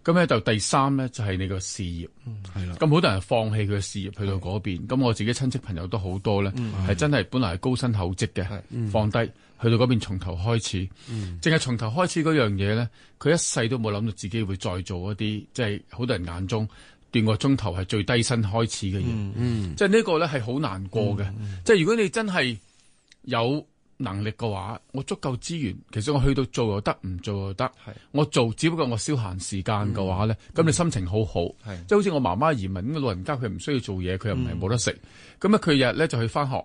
咁咧就第三咧就係你個事業，係啦。咁好多人放棄佢嘅事業去到嗰邊，咁我自己親戚朋友都好多咧，係真係本來係高薪厚職嘅，放低去到嗰邊從頭開始，淨係從頭開始嗰樣嘢咧，佢一世都冇諗到自己會再做一啲即係好多人眼中斷個鐘頭係最低薪開始嘅嘢，即係呢個咧係好難過嘅。即係如果你真係有。能力嘅話，我足夠資源，其實我去到做又得，唔做又得。係我做，只不過我消閒時間嘅話咧，咁、嗯、你心情好好。係即係好似我媽媽移民咁嘅老人家，佢唔需要做嘢，佢又唔係冇得食。咁、嗯、啊，佢日咧就去返學，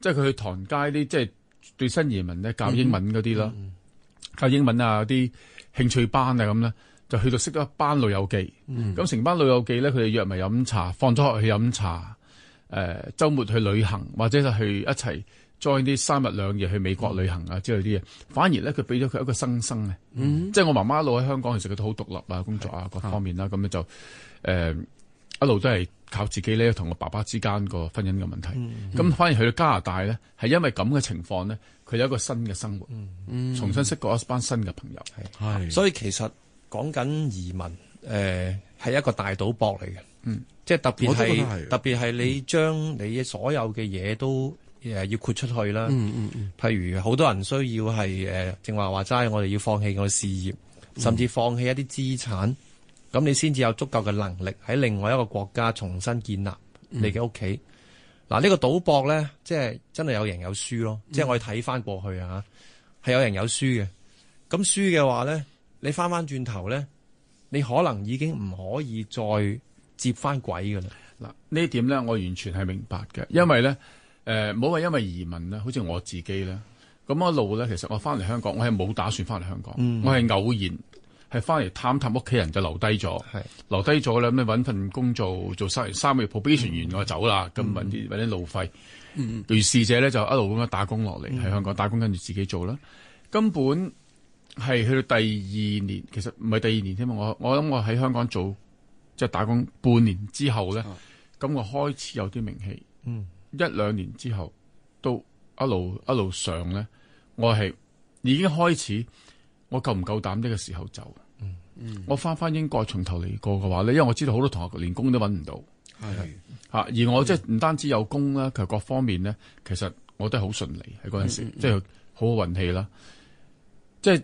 即係佢去唐街啲，即、就、係、是、對新移民咧教英文嗰啲咯，教英文啊啲興趣班啊咁咧，就去到識咗一班老友記。嗯，咁成班老友記咧，佢哋約埋飲茶，放咗學去飲茶，誒、呃，周末去旅行或者就去一齊。再啲三日兩夜去美國旅行啊之類啲嘢、嗯，反而咧佢俾咗佢一個新生嘅、嗯，即係我媽媽一路喺香港，其實佢都好獨立啊，工作啊各方面啦，咁樣就誒、呃、一路都係靠自己咧，同我爸爸之間個婚姻嘅問題。咁、嗯嗯、反而去到加拿大咧，係因為咁嘅情況咧，佢有一個新嘅生活，嗯嗯、重新識過一班新嘅朋友、係、所以其實講緊移民誒係、呃、一個大賭博嚟嘅、嗯，即係特別係特別係你將你嘅所有嘅嘢都。誒要豁出去啦、嗯嗯嗯，譬如好多人需要係誒，正話話齋，我哋要放棄個事業，甚至放棄一啲資產，咁、嗯、你先至有足夠嘅能力喺另外一個國家重新建立你嘅屋企嗱。呢、嗯呢個賭博咧，即係真係有贏有輸咯。嗯、即係我哋睇翻過去啊，係有人有輸嘅。咁輸嘅話咧，你翻翻轉頭咧，你可能已經唔可以再接翻鬼噶啦嗱。呢點咧，我完全係明白嘅，因為咧。誒、呃，冇話因為移民咧，好似我自己咧，咁一路咧，其實我翻嚟香港，我係冇打算翻嚟香港，嗯、我係偶然係翻嚟探探屋企人，就留低咗，留低咗咧，咁你搵份工做做三三個月 probation 完我走啦，咁搵啲路啲路費，如是者咧就一路咁樣打工落嚟喺香港打工，跟住自己做啦。根本係去到第二年，其實唔係第二年添嘛。我我諗我喺香港做即係、就是、打工半年之後咧，咁、嗯、我開始有啲名氣。嗯一兩年之後，都一路一路上咧，我係已經開始，我夠唔夠膽呢個時候走？嗯嗯，我翻翻英國從頭嚟過嘅話咧，因為我知道好多同學連工都揾唔到，係吓、嗯，而我即係唔單止有工啦，其實各方面咧，其實我都係好順利喺嗰陣時、嗯嗯嗯，即係好好運氣啦，即係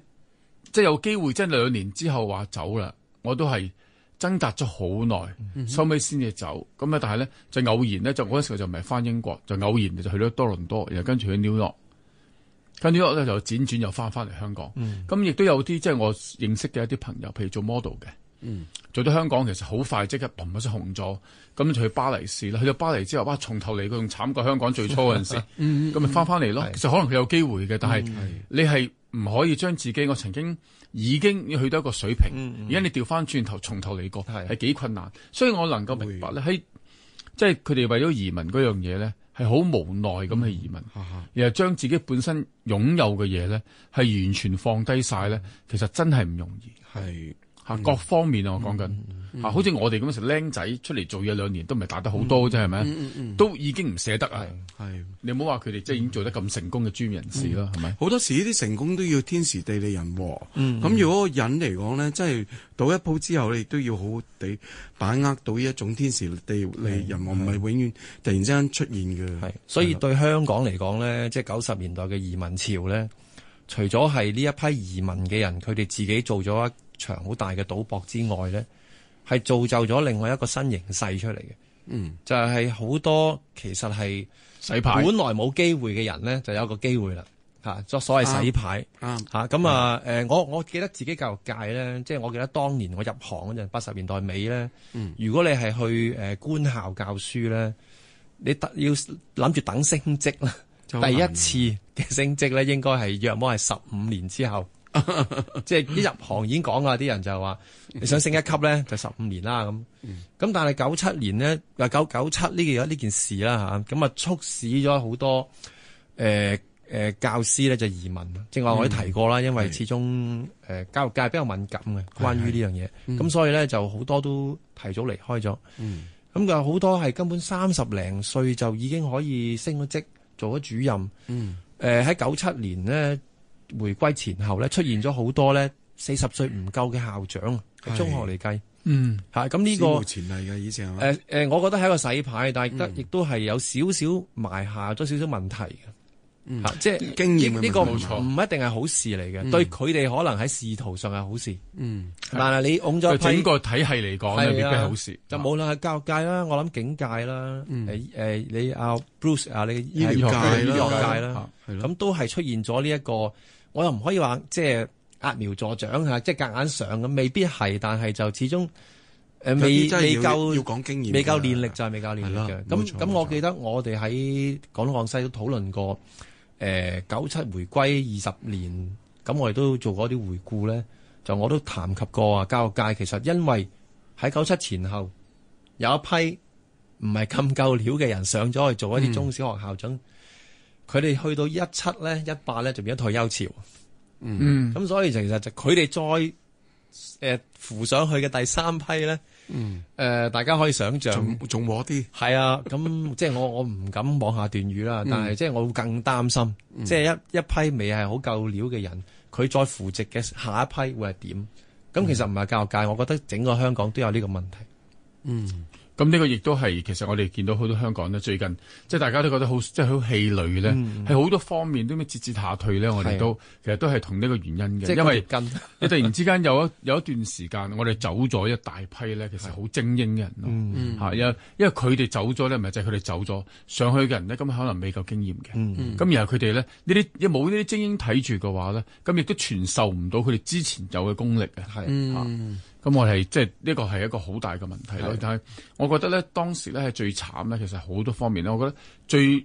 即係有機會，即係兩年之後話走啦，我都係。掙扎咗好耐，收尾先至走，咁咧但係咧就偶然咧就嗰陣時候就唔係翻英國，就偶然就去咗多倫多，然後跟又跟住去 New York 紐約，跟 New York 咧就輾轉又翻翻嚟香港，咁、嗯、亦都有啲即係我認識嘅一啲朋友，譬如做 model 嘅、嗯，做到香港其實好快即刻嘭一聲紅咗，咁就去巴黎試啦，去咗巴黎之後哇，從頭嚟佢仲慘過慘香港最初嗰陣時，咁咪翻翻嚟咯，其實就可能佢有機會嘅，但係你係唔可以將自己我曾經。已經要去到一個水平，而、嗯、家、嗯、你調翻轉頭，從頭嚟過，係幾困難。所以我能夠明白咧，喺即係佢哋為咗移民嗰樣嘢咧，係好無奈咁去移民，嗯、而係將自己本身擁有嘅嘢咧，係完全放低晒，咧、嗯，其實真係唔容易。各方面啊、嗯！我講緊、嗯、好似我哋咁成僆仔出嚟做嘢兩年，都唔係打得好多啫，係、嗯、咪、嗯嗯？都已經唔捨得啊！你唔好話佢哋，即係已經做得咁成功嘅專業人士啦係咪？好、嗯、多時呢啲成功都要天時地利人和。咁、嗯、如果個人嚟講咧，即係到一步之後，你都要好好哋把握到呢一種天時地利人和，唔係永遠突然之間出現嘅。係，所以對香港嚟講咧，即係九十年代嘅移民潮咧，除咗係呢一批移民嘅人，佢哋自己做咗場好大嘅賭博之外咧，係造就咗另外一個新形勢出嚟嘅。嗯，就係、是、好多其實係洗牌，本來冇機會嘅人咧，就有一個機會啦。吓、啊，所謂洗牌。啊，吓咁啊，誒、啊啊啊，我我記得自己教育界咧，即、就、係、是、我記得當年我入行嗰陣八十年代尾咧、嗯。如果你係去誒、呃、官校教書咧，你得要諗住等升職啦。 第一次嘅升職咧，應該係約莫係十五年之後。 即係一入行已經講啊，啲人就話你想升一級咧，就十五年啦咁。咁、嗯、但係九,九七年、啊呃呃、呢，又九九七呢嘢呢件事啦吓，咁啊促使咗好多誒誒教師咧就移民，正話我啲提過啦、嗯，因為始終誒、呃、教育界比較敏感嘅，關於呢樣嘢，咁、嗯、所以咧就好多都提早離開咗。咁佢好多係根本三十零歲就已經可以升咗職，做咗主任。誒喺九七年呢。回歸前後咧，出現咗好多咧四十歲唔夠嘅校長，喺中學嚟計，嗯，吓咁呢個前例嘅，以前誒、就、誒、是呃呃，我覺得係一個洗牌，但係亦都係有少少埋下咗少少問題嘅，即、嗯、係、就是、經驗呢個唔一定係好事嚟嘅、嗯，對佢哋可能喺仕途上係好事，嗯，但係你拱咗一批，就整個體系嚟講未必係好事，就無論係教育界啦，我諗警界啦，誒、嗯、誒、呃，你阿 Bruce 你啊，你醫學界啦，咁都係出現咗呢一個。我又唔可以話即係壓苗助長即係夾硬上，咁未必係，但係就始終未、呃、未夠要講經驗，未夠練力，就係未夠練力嘅。咁咁，我記得我哋喺廣東廣西都討論過誒九七回歸二十年，咁我哋都做過啲回顧咧。就我都談及過啊，教育界其實因為喺九七前後有一批唔係咁夠料嘅人上咗去做一啲中小學校長。嗯佢哋去到一七咧一八咧就變咗退休潮，嗯，咁所以其實就佢哋再誒、呃、扶上去嘅第三批咧，誒、嗯呃、大家可以想象，仲仲和啲，係啊，咁 即係我我唔敢往下斷語啦，嗯、但係即係我會更擔心，嗯、即係一一批未係好夠料嘅人，佢再扶植嘅下一批會係點？咁其實唔係教育界，我覺得整個香港都有呢個問題，嗯。咁呢個亦都係其實我哋見到好多香港咧，最近即係大家都覺得好即係好氣餒咧，係、嗯、好多方面都咩節節下退咧。我哋都其實都係同呢個原因嘅，因為你突然之間有一 有一段時間，我哋走咗一大批咧，其實好精英嘅人嚇、嗯嗯，因為因佢哋走咗咧，咪就係佢哋走咗上去嘅人咧，咁可能未夠經驗嘅，咁、嗯、然後佢哋咧呢啲你冇呢啲精英睇住嘅話咧，咁亦都傳授唔到佢哋之前有嘅功力嘅，嗯啊咁我哋，即係呢個係一個好大嘅問題咯。但係我覺得咧，當時咧係最慘咧，其實好多方面咧，我覺得最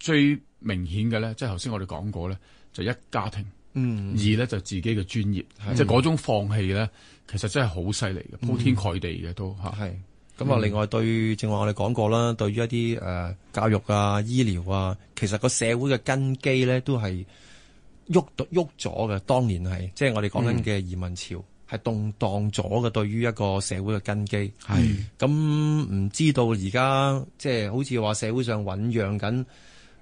最明顯嘅咧，即係頭先我哋講過咧，就一家庭，嗯、二咧就自己嘅專業，即係嗰種放棄咧，其實真係好犀利嘅，鋪天蓋地嘅都嚇。係咁啊！另外對，正話我哋講過啦，對於一啲誒、呃、教育啊、醫療啊，其實個社會嘅根基咧都係喐喐咗嘅。當年係即係我哋講緊嘅移民潮。嗯係動蕩咗嘅，對於一個社會嘅根基。係咁，唔知道而家即係好似話社會上醖釀緊，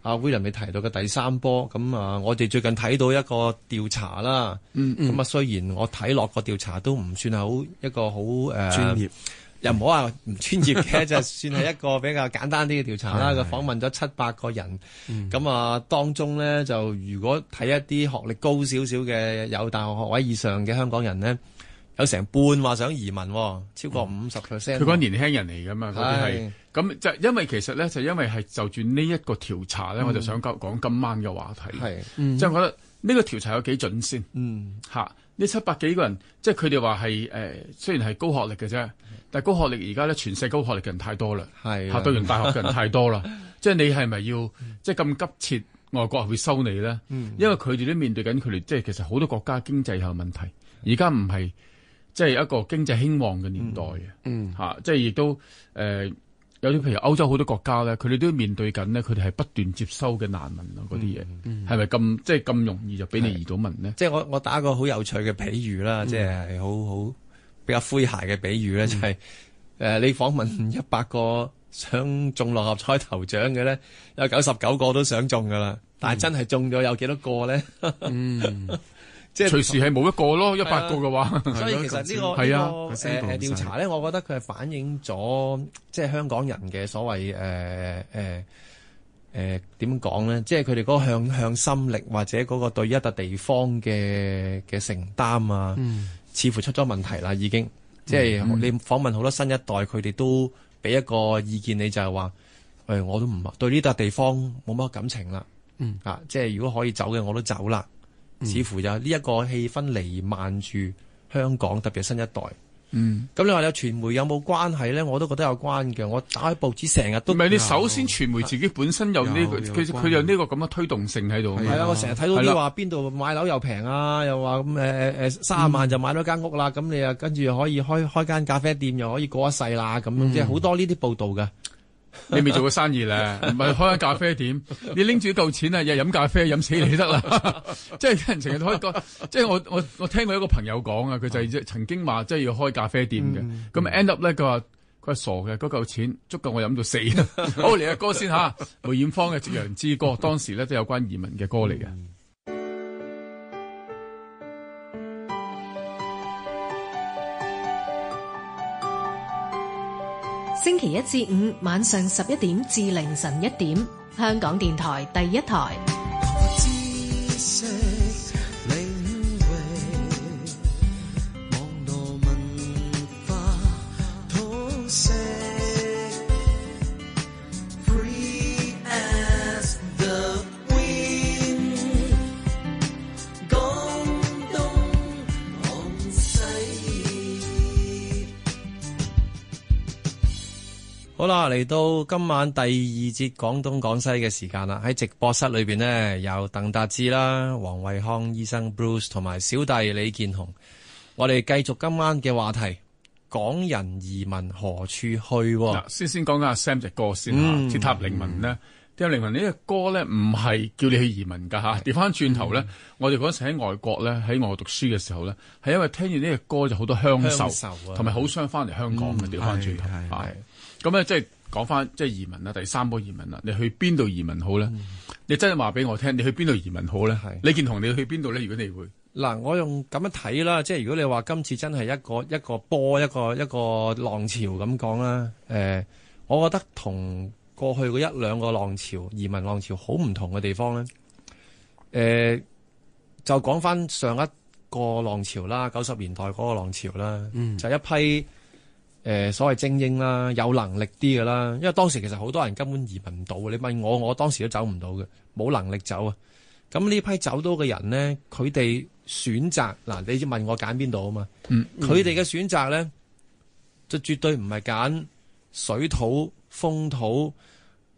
阿 William 你提到嘅第三波。咁啊，我哋最近睇到一個調查啦。嗯咁啊，嗯、雖然我睇落個調查都唔算係好一個好誒專業，呃、又唔好話唔專業嘅， 就算係一個比較簡單啲嘅調查啦。佢訪問咗七百個人。嗯。咁啊，當中呢，就如果睇一啲學歷高少少嘅有大學學位以上嘅香港人呢。有成半話想移民，超過五十 percent。佢嗰啲年輕人嚟㗎嘛，嗰啲係咁就因為其實咧，就因為係就住呢一個調查咧、嗯，我就想講今晚嘅話題。係，即係我覺得呢個調查有幾準先。嗯，吓、啊、呢七百幾個人，即係佢哋話係誒，雖然係高學歷嘅啫，但高學歷而家咧，全世界高學歷嘅人太多啦，讀到完大學嘅人太多啦。即 係你係咪要即係咁急切，外國會收你咧？嗯，因為佢哋都面對緊佢哋，即、就、係、是、其實好多國家經濟有問題，而家唔係。即係一個經濟興旺嘅年代嘅，嚇、嗯嗯！即係亦都誒，有啲譬如歐洲好多國家咧，佢哋都要面對緊咧，佢哋係不斷接收嘅難民啊。嗰啲嘢係咪咁即係咁容易就俾你移到民咧？即係我我打一個好有趣嘅、嗯就是、比，比喻啦，即係好好比較詼諧嘅比喻咧，就係、是、誒、嗯呃、你訪問一百個想中六合彩頭獎嘅咧，有九十九個都想中噶啦，但係真係中咗有幾多個咧？嗯。 即係隨時係冇一個咯，一百個嘅話，所以其實呢個呢個誒調查咧，我覺得佢係反映咗即係香港人嘅所謂誒誒誒點講咧，即係佢哋嗰個向向心力或者嗰個對一笪地方嘅嘅承擔啊，嗯、似乎出咗問題啦已經。即係你訪問好多新一代，佢哋都俾一個意見，你就係話欸我都唔對呢笪地方冇乜感情啦、嗯。啊，即係如果可以走嘅，我都走啦。似乎有呢一個氣氛彌漫住香港，特別係新一代。嗯，咁你話有傳媒有冇關係咧？我都覺得有關嘅。我打開報紙成日都唔係你首先傳媒自己本身有呢、呢個，其實佢有呢個咁嘅推動性喺度。係啊，我成日睇到你話邊度買樓又平啊，又話咁誒誒卅萬就買咗間屋啦。咁、嗯、你又跟住可以開開一間咖啡店，又可以過一世啦。咁即係好多呢啲報道嘅。你未做過生意咧，唔 係開間咖啡店，你拎住嚿錢啊，日飲咖啡飲死你得啦， 即係有人成日開個，即係我我我聽過一個朋友講啊，佢就係、曾經話即係要開咖啡店嘅，咁、嗯、end up 咧佢話佢係傻嘅，嗰嚿錢足夠我飲到死。 好嚟個歌先吓，啊、 梅艷芳嘅《夕陽之歌》，當時咧都有關移民嘅歌嚟嘅。嗯星期一至五晚上十一點至凌晨一點，香港電台第一台。好啦，嚟到今晚第二節廣東廣西嘅時間啦，喺直播室裏邊呢，有鄧達智啦、黃惠康醫生、Bruce 同埋小弟李健雄，我哋繼續今晚嘅話題：港人移民何處去啊？嗱，先說說先講緊阿 Sam 隻歌先吓，《鐵塔凌雲》呢鐵塔凌雲呢隻歌咧，唔係叫你去移民噶吓，調翻轉頭咧，我哋嗰時喺外國咧，喺外國讀書嘅時候咧，係因為聽完呢隻歌就好多鄉愁，同埋好想翻嚟香港嘅，調翻轉頭係。咁咧，即係講翻即係移民啦，第三波移民啦，你去邊度移民好咧、嗯？你真係話俾我聽，你去邊度移民好咧？李健雄，你,見同你去邊度咧？如果你會嗱，我用咁樣睇啦，即係如果你話今次真係一個一個波一個一個浪潮咁講啦，我覺得同過去嗰一兩個浪潮移民浪潮好唔同嘅地方咧、呃，就講翻上一個浪潮啦，九十年代嗰個浪潮啦，嗯、就係、一批。誒所謂精英啦，有能力啲嘅啦，因為當時其實好多人根本移民唔到嘅。你問我，我當時都走唔到嘅，冇能力走啊。咁呢批走多嘅人咧，佢哋選擇嗱，你問我揀邊度啊嘛？佢哋嘅選擇咧，就絕對唔係揀水土風土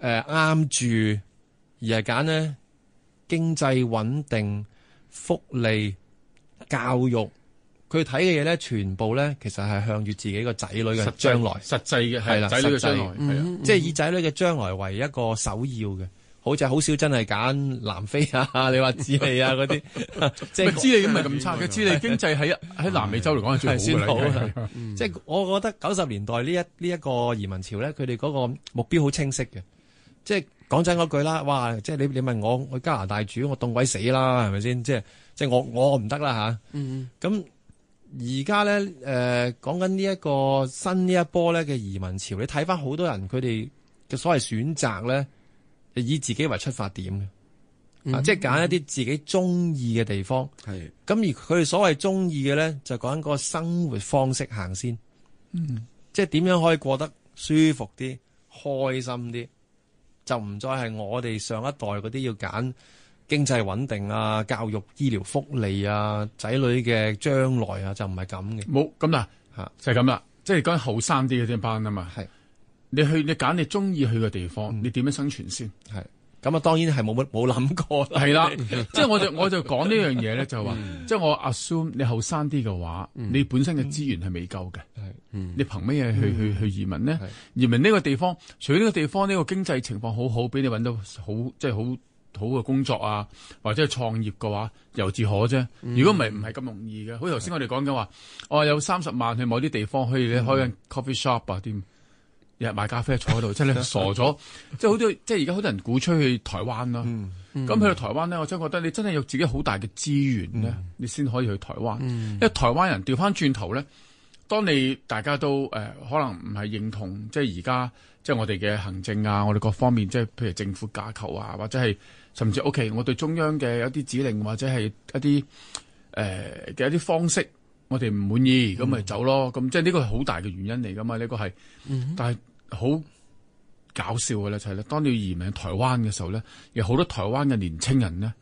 誒啱、呃、住，而係揀咧經濟穩定、福利、教育。佢睇嘅嘢咧，全部咧，其實係向住自己個仔女嘅將來，實際嘅係啦，仔女嘅將來，將來、嗯嗯、即係以仔女嘅將來為一個首要嘅。好似好少真係揀南非啊，你話智利啊嗰啲，即係智利咁咁差嘅？智利經濟喺喺南美洲嚟講係最好，算好、嗯、即係我覺得九十年代呢一呢一、呢個移民潮咧，佢哋嗰個目標好清晰嘅。即係講真嗰句啦，哇！即係你你問我，我加拿大住，我凍鬼死啦，係咪先？即係即係我我唔得啦嚇，咁、啊。嗯而家咧，誒、呃，講緊呢一個新呢一波咧嘅移民潮，你睇翻好多人佢哋嘅所謂選擇咧，就以自己為出發點嘅、嗯，啊，即係揀一啲自己中意嘅地方。係、嗯，咁而佢哋所謂中意嘅咧，就講、是、緊個生活方式行先。嗯，即係點樣可以過得舒服啲、開心啲，就唔再係我哋上一代嗰啲要揀。經濟穩定啊，教育、醫療、福利啊，仔女嘅將來啊，就唔係咁嘅。冇咁啦，吓就係咁啦，即係講後生啲嘅啲班啊嘛。你去你揀你中意去嘅地方，嗯、你點樣生存先？係咁啊，當然係冇冇諗過係啦，即、就、係、是、我就我就講呢樣嘢咧，就話即係我 assume 你後生啲嘅話、嗯，你本身嘅資源係未夠嘅。你憑咩嘢去、嗯、去去移民呢？移民呢個地方，除咗呢個地方呢、呢個經濟情況好好，俾你揾到好即係好。就是好嘅工作啊，或者係創業嘅話，由自可啫。如果唔係唔係咁容易嘅。好似頭先我哋講嘅話，我、哦、有三十萬去某啲地方可以開 coffee shop 啊，啲日買咖啡坐喺度， 傻 即係你傻咗。即係好多，即係而家好多人鼓吹去台灣啦，啊。咁、嗯嗯、去到台灣咧，我真係覺得你真係有自己好大嘅資源咧，嗯，你先可以去台灣。嗯、因為台灣人調翻轉頭咧。當你大家都誒、呃、可能唔係認同，即係而家即係我哋嘅行政啊，我哋各方面即係譬如政府架構啊，或者係甚至 OK，我對中央嘅一啲指令或者係一啲誒嘅一啲方式，我哋唔滿意，咁、嗯、咪走咯。咁即係呢個係好大嘅原因嚟㗎嘛？呢、呢個係、嗯，但係好搞笑㗎啦，就係、係、咧，當你要移民台灣嘅時候咧，有好多台灣嘅年青人咧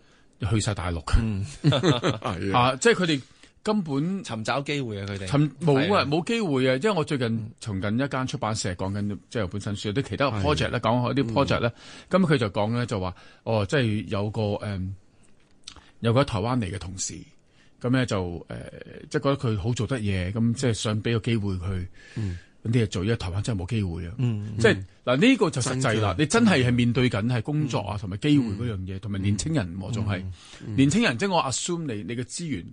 去晒大陸、嗯、 啊，即係佢哋。根本尋找機會啊！佢哋尋，冇啊，冇機會啊。因為我最近從緊一間出版社講緊即係有本身書有啲其他 project 咧，講開啲 project 咧、啊。咁、嗯、佢就講咧，就話哦，即、就、係、是、有個誒、嗯、有個台灣嚟嘅同事咁咧、呃，就誒即係覺得佢好做得嘢，咁即係想俾個機會佢嗰啲嘢做。因為台灣真係冇機會啊，即係嗱呢個就實際啦。你真係面對緊係工作啊，同埋機會嗰樣嘢，同、嗯、埋年青人仲係、嗯嗯、年青人。即、就、係、是、我 assume 你你嘅資源。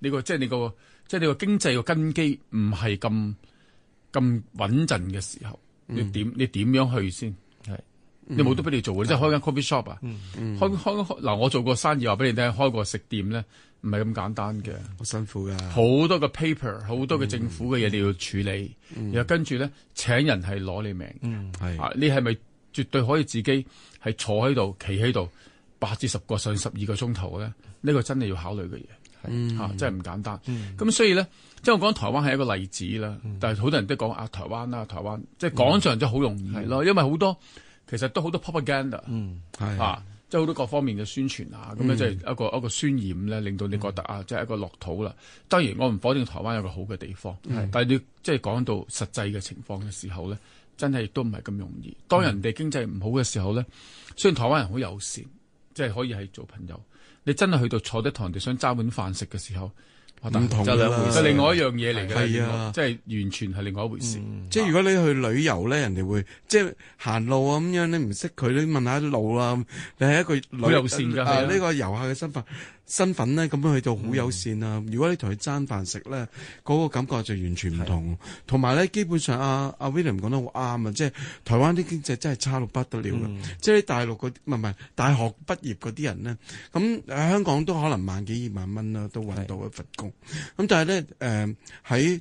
你個即係你個即係你個經濟個根基唔係咁咁穩陣嘅時候，嗯、你點你點樣去先？嗯、你冇得俾你做嘅、嗯，即係開間 coffee shop 啊！嗯嗯、開開嗱、呃，我做過生意話俾你聽，開個食店咧唔係咁簡單嘅，好辛苦㗎。好多個 paper，好多嘅政府嘅嘢你要處理，嗯、然後跟住咧請人係攞你命、嗯啊。你係咪絕對可以自己係坐喺度、企喺度八至十個上十二個鐘頭咧？呢、呢個真係要考慮嘅嘢。啊、嗯吓，即係唔簡單。咁、嗯、所以咧，即係我講台灣係一個例子啦。嗯、但係好多人都講啊，台灣啦、啊，台灣即係講上真係好容易咯、嗯，因為好多其實都好多 propaganda，係、嗯、啊，即係好多各方面嘅宣傳、嗯、啊，咁樣即係一個一個宣染咧，令到你覺得啊，嗯、即係一個樂土啦。當然我唔否定台灣有個好嘅地方，嗯、但係你即係講到實際嘅情況嘅時候咧，真係都唔係咁容易。當人哋經濟唔好嘅時候咧、嗯，雖然台灣人好友善。即係可以係做朋友，你真係去到坐啲堂地想揸碗飯食嘅時候，唔同啦，係另外一樣嘢嚟嘅，係啊，即係完全係另外一回事。係啊回事係啊、即係、嗯、如果你去旅遊咧，人哋會即係行路啊咁樣，你唔識佢，你問一下路係一、呃、係啊，你係一個旅遊線㗎，係呢個遊客嘅身份，身份呢咁樣去到好友善啊！嗯、如果你同佢爭飯食呢，嗰、那個感覺就完全唔同。同埋、啊、呢，基本上阿、啊、阿、啊、William 講得好啱啊，即係台灣啲經濟真係差到不得了。嗯、即係喺大陸嗰啲唔係唔係大學畢業嗰啲人呢，咁香港都可能萬幾二萬蚊啦、啊，都搵到一份工。咁、啊、但係呢，誒、呃、喺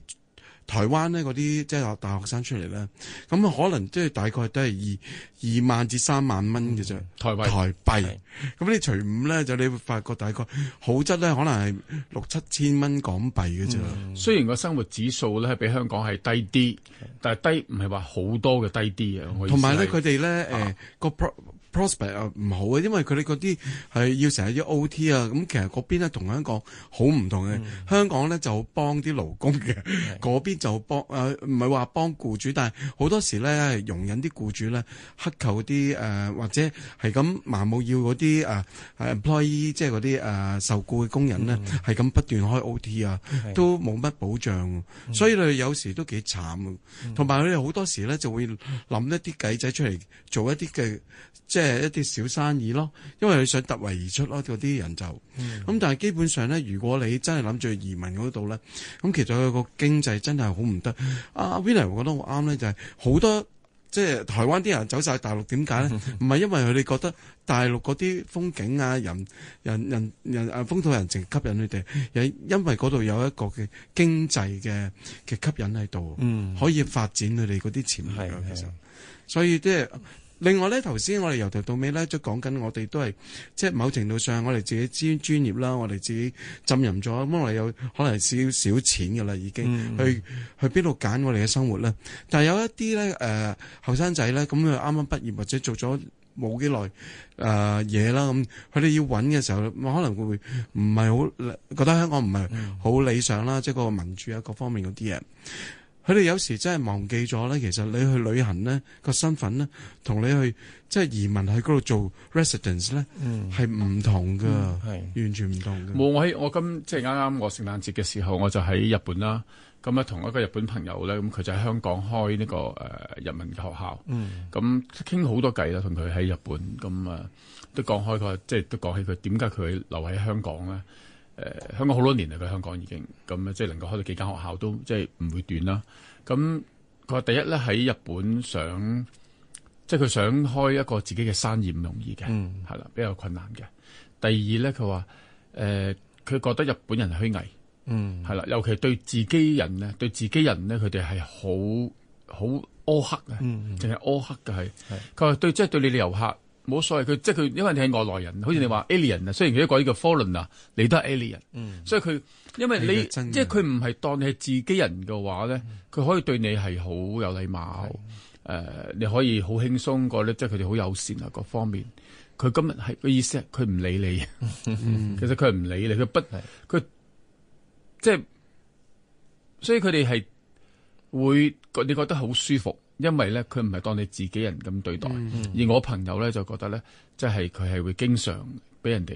台灣咧嗰啲即係大學生出嚟咧，咁啊可能即係大概都係二二萬至三萬蚊嘅啫，台幣。台幣。咁你除五咧就你會發覺大概好質咧可能係六七千蚊港幣嘅啫、嗯。雖然個生活指數咧係比香港係低啲，但係低唔係話好多嘅低啲嘅。同埋咧佢哋咧誒個 pro。prospect 啊，唔好啊，因為佢哋嗰啲係要成日要 OT 啊，咁其實嗰邊咧同香港好唔同嘅、嗯。香港咧就幫啲勞工嘅，嗰邊就幫誒唔係話幫僱主，但係好多時咧容忍啲僱主咧乞求啲誒或者係咁盲目要嗰啲誒 employee，即係嗰啲誒受僱嘅工人咧係咁不斷開 OT 啊，都冇乜保障，所以佢哋有時都幾慘啊。同埋佢哋好多時咧就會諗一啲計仔出嚟做一啲嘅、即係即係一啲小生意咯，因為佢想突圍而出咯，嗰啲人就咁、嗯。但係基本上咧，如果你真係諗住移民嗰度咧，咁其實佢個經濟真係好唔得。阿 Willow 我覺得好啱咧，就係、是、好多即係、嗯、台灣啲人走晒大陸，點解咧？唔、嗯、係因為佢哋覺得大陸嗰啲風景啊、人人人人啊風土人情吸引佢哋，又因為嗰度有一個嘅經濟嘅嘅吸引喺度、嗯，可以發展佢哋嗰啲潛力。其實，所以即係。另外咧，頭先我哋由頭到尾咧，都講緊我哋都係，即係某程度上，我哋自己專專業啦，我哋自己浸淫咗，咁我哋有可能少少錢嘅啦，已經去去邊度揀我哋嘅生活咧？但係有一啲咧，誒後生仔咧，咁佢啱啱畢業或者做咗冇幾耐誒嘢啦，咁佢哋要揾嘅時候，可能會唔係好覺得香港唔係好理想啦，嗯、即係個民主啊，各方面嗰啲嘢。佢哋有時真係忘記咗咧，其實你去旅行咧，個身份咧，同你去即係移民喺嗰度做 residence 咧、嗯，係唔同㗎、嗯，完全唔同嘅。冇，我喺我今即係啱啱我聖誕節嘅時候，我就喺日本啦。咁啊，同一個日本朋友咧，咁佢就喺香港開呢、這個誒日文嘅學校。咁傾好多偈啦，同佢喺日本咁啊，都講開佢，即係都講起佢點解佢留喺香港咧。誒、嗯、香港好多年嚟，喺香港已經咁啊，即係能夠開到幾間學校都即係唔會斷啦。咁佢話第一咧喺日本想，即係佢想開一個自己嘅生意唔容易嘅，係、嗯、啦比較困難嘅。第二咧佢話誒，佢、呃、覺得日本人係虛偽，嗯係啦，尤其對自己人咧，對自己人咧，佢哋係好好苛刻嘅，淨係苛刻嘅係。佢、嗯、話對，即、就、係、是、對你哋遊客。冇所謂，佢即係佢，因為你係外來人，好似你話 alien 啊，雖然佢都講呢個 foreigner 啊，你都係 alien，、嗯、所以佢因為你即係佢唔係當你係自己人嘅話咧，佢、嗯、可以對你係好有禮貌，誒、呃，你可以好輕鬆個咧，即係佢哋好友善啊，各方面。佢今日係個意思係佢唔理你，嗯、其實佢係唔理你，佢不佢即係，所以佢哋係會你覺得好舒服。因為咧，佢唔係當你自己人咁對待、嗯，而我朋友咧就覺得咧，即係佢係會經常俾人哋，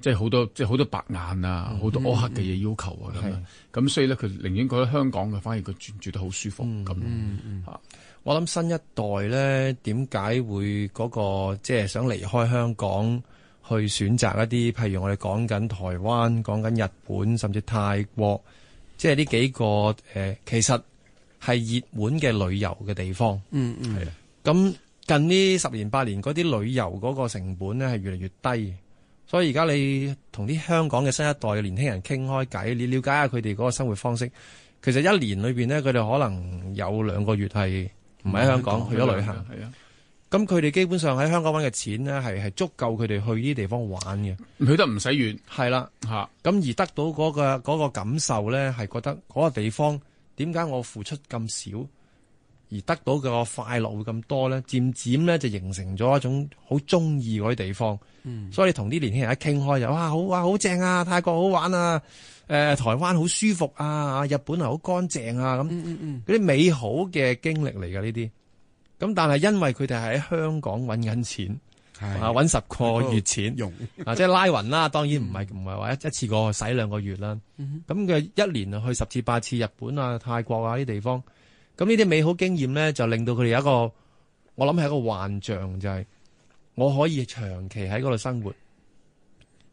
即係好多即係好多白眼啊，好、嗯、多苛刻嘅嘢要求啊咁。咁、嗯、所以咧，佢寧願覺得香港嘅，反而佢住住得好舒服咁、嗯嗯嗯啊。我諗新一代咧，點解會嗰、嗰個即係、就是、想離開香港去選擇一啲，譬如我哋講緊台灣、講緊日本，甚至泰國，即係呢幾個、呃、其實。係熱門嘅旅遊嘅地方，嗯嗯係、啊，啦。咁近呢十年八年嗰啲旅遊嗰個成本咧係越嚟越低，所以而家你同啲香港嘅新一代嘅年輕人傾開偈，你了解下佢哋嗰個生活方式。其實一年裏面咧，佢哋可能有兩個月係唔喺香港，香港去咗旅行，係啊。咁佢哋基本上喺香港揾嘅錢咧，係係足夠佢哋去呢啲地方玩嘅，去得唔使遠。係啦，咁、啊、而得到嗰個嗰個感受咧，係覺得嗰個地方。點解我付出咁少而得到嘅快樂會咁多咧？漸漸咧就形成咗一種好中意嗰啲地方。嗯、所以同啲年輕人一傾開就哇好哇好正啊！泰國好玩啊！呃、台灣好舒服啊！日本好乾淨啊咁。嗰啲、嗯嗯嗯、美好嘅經歷嚟嘅呢啲。咁但係因為佢哋係喺香港揾緊錢。啊！搵十個月錢，用啊， 即係拉勻啦。當然唔係唔係話一一次過使兩個月啦。咁、嗯、佢一年去十次八次日本啊、泰國啊啲地方。咁呢啲美好經驗咧，就令到佢哋有一個，我諗係一個幻象，就係、是、我可以長期喺嗰度生活。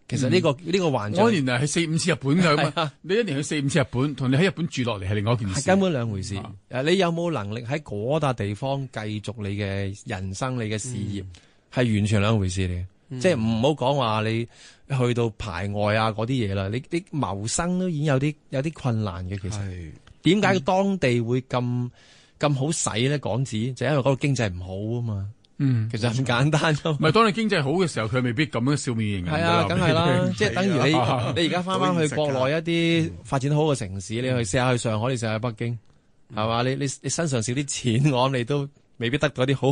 其實呢、這個呢、嗯這個幻象，我一年啊去四五次日本噶嘛、啊。你一年去四五次日本，同你喺日本住落嚟係另外一件事，根本兩回事。誒、啊，你有冇能力喺嗰笪地方繼續你嘅人生、你嘅事業？嗯係完全兩回事嚟嘅、嗯，即係唔好講話你去到排外啊嗰啲嘢啦，你你謀生都已經有啲有啲困難嘅。其實點解當地會咁咁、嗯、好使咧？港紙就因為嗰個經濟唔好啊嘛。嗯，其實咁簡單咯。唔係、就是，當你經濟好嘅時候，佢未必咁樣笑面迎人。係啊，梗係啦，即係等於你、啊、你而家翻翻去國內一啲發展好嘅城市，你去試下去上海，嗯、你試下去北京，係、嗯、嘛？你你你身上少啲錢，我諗你都未必得到啲好。